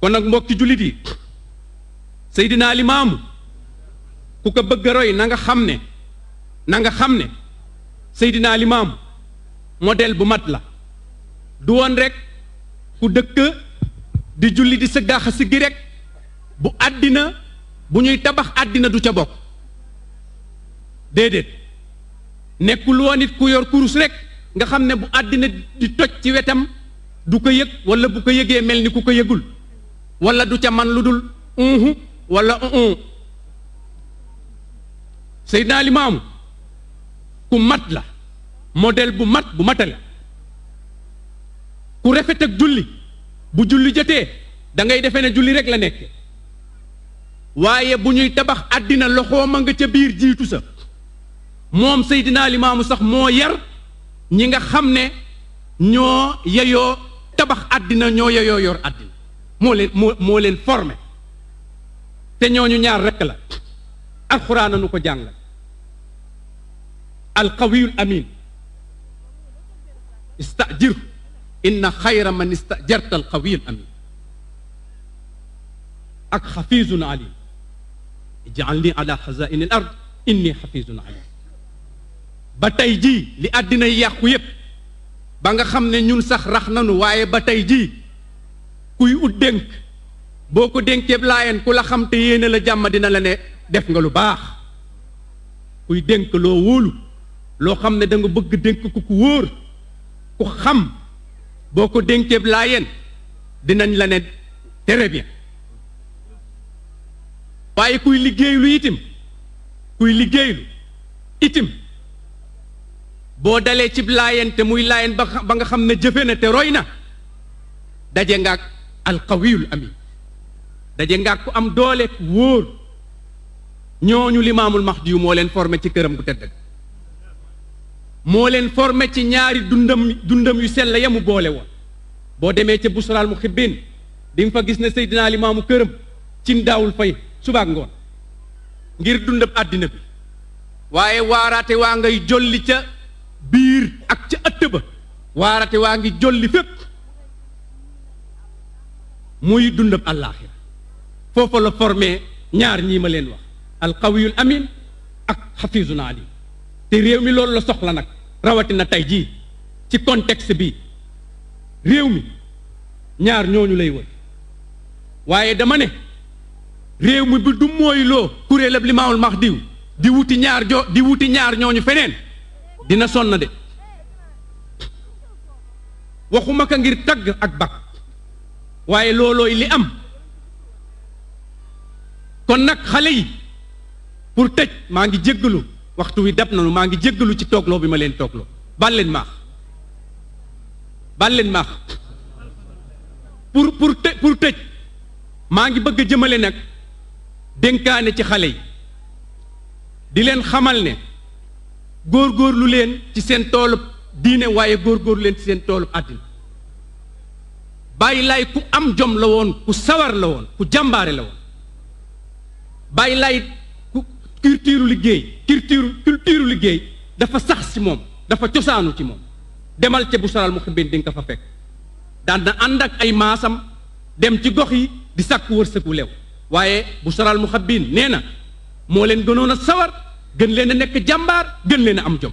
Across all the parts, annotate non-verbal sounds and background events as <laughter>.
kon mbokk mbokki jullit yi Seydina Limaamu ku ko bëgg roy na nga xam ne na nga xam ne Seydina Limaamu modèle bu mat la du woon rek ku dëkk di julli di sa gaax si gi bu àddina bu ñuy tabax àddina du ca bokk déedéet nekkul woon it ku yor kurus rek nga xam ne bu àddina di toj ci wetam du ko yëg wala bu ko yëgee mel ni ku ko yëgul wala du ca man lu dul unhu wala un Seydina Limaamu ku mat la modèle bu mat bu matale ku rafet ak julli bu julli jotee dangay defe defee ne julli rek la nekk waaye bu ñuy tabax àddina loxoom a nga ca biir jiitu sa moom Seydina Limaamu sax moo yar ñi nga xam ne ñoo yeyoo tabax àddina ñoo yeyoo yor àddina moo leen moo te ñooñu ñaar rekk la alxuraan nu ko jàngal alqawiyul amin istajir inna xayra man istajarta alqawiyul amin ak xafizun alim ij'alni ala xazaini al inni xafizun alim ba tey jii li àddina yàqu yépp ba nga xam ne ñun sax rax nanu waaye ba tey jii kuy ut dénk boo ko dénkeeb laayeen ku la xam te yéene la jàmm dina la ne def nga lu baax kuy dénk loo wóolu loo xam ne danga bëgg dénk ku ku wóor ku xam boo ko dénkeeb laayeen dinañ la ne très bien waaye kuy liggéey liggéeylu itim kuy liggéeylu itim boo dalee cib laayeen te muy laayeen ba ba nga xam ne jëfe na te roy na daje ngaak alqawiyul amin daje nga ku am doole wóor ñooñu limaamul max yu moo leen forme ci këram gu tëdd moo leen formé ci ñaari dundam dundam yu sell yamu boole woon boo demee ca busraal mu di nga fa gis ne seydinaa limaamu këram cin daawul fay subaak ngoon ngir dundam àddina bi waaye waaraate waa ngay jolli ca biir ak ca ëtt ba waaraate waa ngi jolli fépp muy dundab àllaaxira foofa la formé ñaar ñii ma leen wax alqawiyul amin ak xafisun alim te réew mi loolu la soxla nag rawatina tey jii ci contexte bi réew mi ñaar ñooñu lay won waaye dama ne réew mi bi du mooy loo kuréelab limaamul mahdiw di wuti ñaar jo di wuti ñaar ñooñu feneen dina sonn de waxuma ka ngir tagg ak bak waaye loolooy li am kon nag xale yi pour tëj maa ngi jéggalu waxtu wi dab nanu maa ngi jéggalu ci toogloo bi ma leen toogloo baal leen maax baal leen maax pour pour tëj tëj maa ngi bëgg a jëmale nag dénkaane ci xale yi di leen xamal ne góorgóorlu leen ci seen toolub diine waaye góorgóorlu leen ci seen toolub àddina bàyyi laay ku am jom la woon ku sawar la woon ku jàmbaare la woon bàyyi laay ku culture liggéey culture culture liggéey dafa sax ci moom dafa cosaanu ci moom demal ca bu saral mu xibbin di fa fekk daan na ànd ak ay maasam dem ci gox yi di sàkku wërsëgu lew waaye bu saral mu xibbin nee na moo leen gënoon a sawar gën leen a nekk jàmbaar gën leen a am jom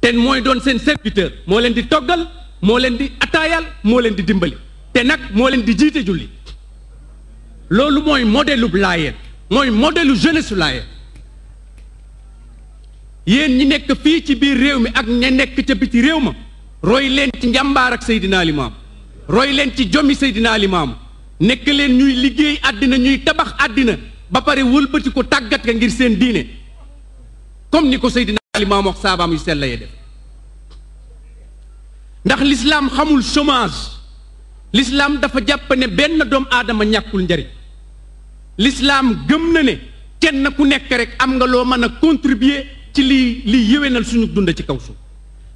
ten mooy doon seen serviteur moo leen di toggal moo leen di attaayaal moo leen di dimbali te nag moo leen di jiite julli loolu mooy modèle bu mooy modèle jeunesse su laayeen yéen ñi nekk fii ci biir réew mi ak ña nekk ca biti réew ma roy leen ci njàmbaar ak Seydina Limaam roy leen ci jomi Seydina Limaam nekk leen ñuy liggéey àddina ñuy tabax àddina ba pare wëlbati ko tàggat ka ngir seen diine comme ni ko Seydina Limaam wax saabaam yu sell ya def ndax lislaam xamul chômage lislaam dafa jàpp ne benn doom aadama ñàkkul njariñ lislaam gëm na ne kenn ku nekk rek am nga loo mën a contribuer ci lii lii yéwénal suñu dund ci kaw suuf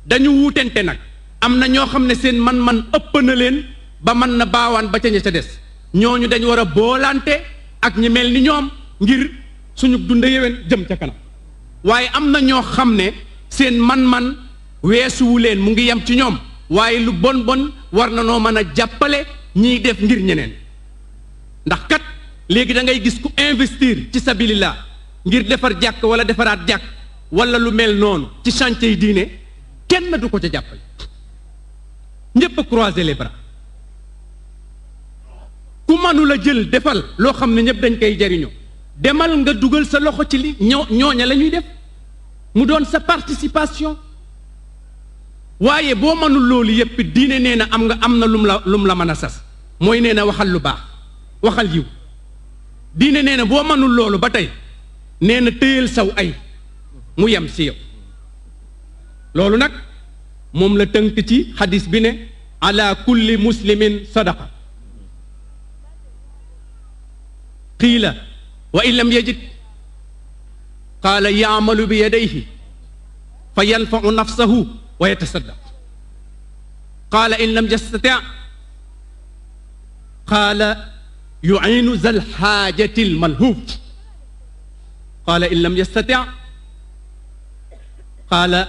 dañu wuutente nag am na ñoo xam ne seen man-man ëpp na leen ba mën na baawaan ba ca ña ca des ñooñu dañ war a boolante ak ñi mel ni ñoom ngir suñu dund yéwén jëm ca kanam waaye am na ñoo xam ne seen man-man weesuwu leen mu ngi yam ci ñoom waaye lu bon bon war na noo mën a jàppale ñiy def ngir ñeneen ndax kat léegi da ngay gis ku investir ci sa sabilillah ngir defar jàkk wala defaraat jàkk wala lu mel noonu ci chantier yi diine kenn du ko ca jàppale ñépp a croiser les bras ku mënu la jël defal loo xam ne ñëpp dañ koy jariñoo demal nga dugal sa loxo ci li ñoo ñooña la ñuy def mu doon sa participation waaye boo mënul loolu yépp diine nee na am nga am na lum la lum la mën a sas mooy nee na waxal lu baax waxal yiw diine nee na boo mënul loolu ba tey nee na téyal saw ay mu yem si yow loolu nag moom la tënk ci xadis bi ne ala kulli muslimin sadaqa qiila wa in lam yajid qaala yaamalu bi yadayhi fa yanfau nafsahu wa yatasaddaq qaala in lam yastati' qaala yu'inu zal haajati al malhuuf qaala in lam yastati' qaala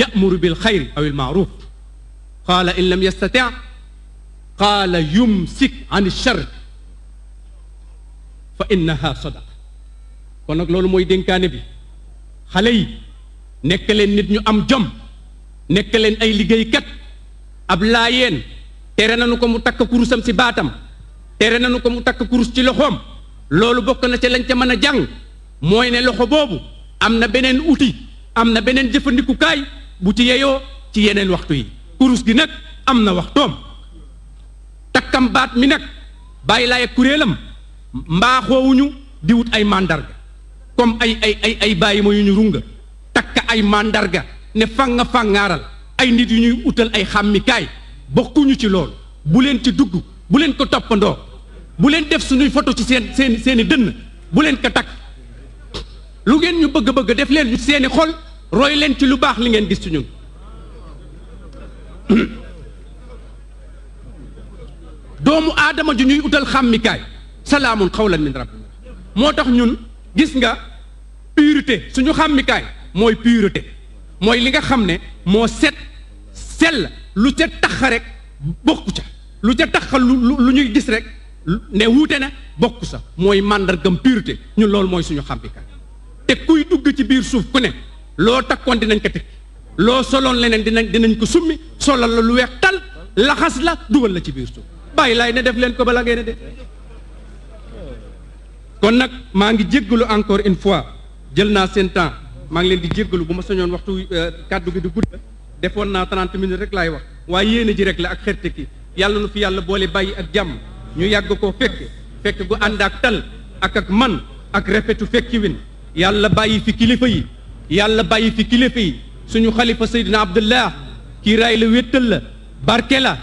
ya'muru bil xayri aw al ma'ruuf qaala in lam yastati' qaala yumsik an ash-sharr fa innaha sadaqa kon nag loolu mooy dénkaane bi xale yi nekk leen nit ñu am jom nekk leen ay liggéeykat ab laayeen tere nañu ko mu takk kurusam ci baatam tere na nañu ko mu takk kurus ci loxoom loolu bokk na ca lañ ca mën a jàng mooy ne loxo boobu am na beneen wuti am na beneen jëfandikukaay bu ci yeyoo ci yeneen waxtu yi kurus gi nag am na waxtoom takkam baat mi nag bàyyi laay ak kuréelam mbaaxoowuñu ñu diwut ay màndarga comme ay ay ay ay bàyyi ma yu ñu runga takk ay màndarga ne fanga fangaaral ay nit yu ñuy utal ay xàmmikaay bokkuñu ci lool bu leen ci dugg bu leen ko toppandoo bu leen def suñuy foto ci seen seen seeni dënn bu leen ko takk lu ngeen ñu bëgg-bëgg def leen ñu seeni xol roy leen ci lu baax li ngeen gis ci ñun <clears throat> doomu aadama ju ñuy utal xàmmikaay xaw xawlan min rabbi moo tax ñun gis nga pureté suñu xàmmikaay mooy pureté mooy li nga xam ne moo set sell lu ca tax rek bokku ca lu ca tax lu ñuy gis rek ne wuute na bokk sax mooy màndargam pureté ñu loolu mooy suñu xàmmikaay te kuy dugg ci biir suuf ku ne loo takkoon dinañ ko teg loo soloon leneen dinañ dinañ ko summi solal la lu weex tal laxas la dugal la ci biir suuf bàyyi lay ne def leen ko ba bala ngeen de kon nag maa ngi jéggalu encore une fois jël naa seen temps maa ngi leen di jéggalu bu ma sañoon waxtu euh, kàddu gi di gudda defoon naa trente minutes rek laay wax waaye yéene ji rek la ak xerte yàlla na fi yàlla boole bàyyi ak jàmm ñu yàgg koo fekk fekk gu ànd ak tal ak ak man ak rafetu fekki win yàlla bàyyi fi kilifa yi yàlla bàyyi fi kilifa suñu xalifa Seydina Abdullah kii raay la wéttal la barke la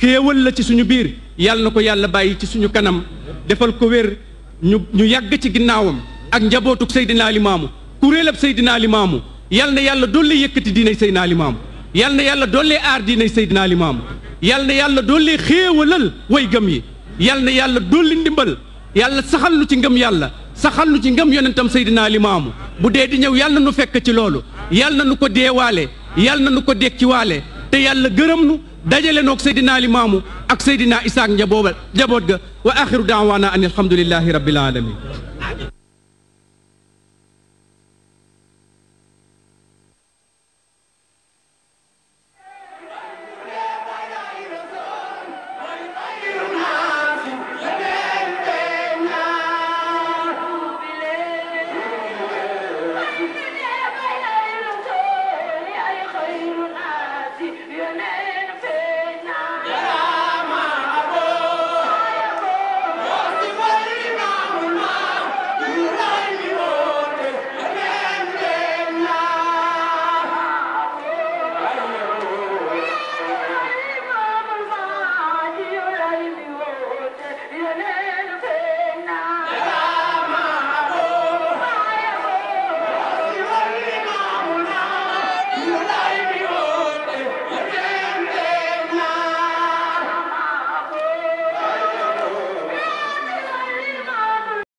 xéewal la ci suñu biir yàlla na ko yàlla bàyyi ci suñu kanam defal ko wér ñu ñu yàgg ci ginnaawam ak njabootuk Seydina Limaamu kuréelab Seydina Limaamu yal na yàlla dolli yëkkati diinay Seydina Limaamu yal na yàlla dolli aar diinay Seydina Limaamu yal na yàlla dolli xéewalal way gëm yi yal na yàlla dolli ndimbal yàlla saxal ci ngëm yàlla saxal nu ci ngëm yonentam Seydina Limaamu bu dee di ñëw yal na nu fekk ci loolu yal na nu ko deewaale yal na nu ko dekkiwaale te yàlla gërëm nu dajale noog Seydina Limaamu ak Seydina Isaak njabooba njaboot ga wa axiru daawaana an alhamdulillahi rabbil alamin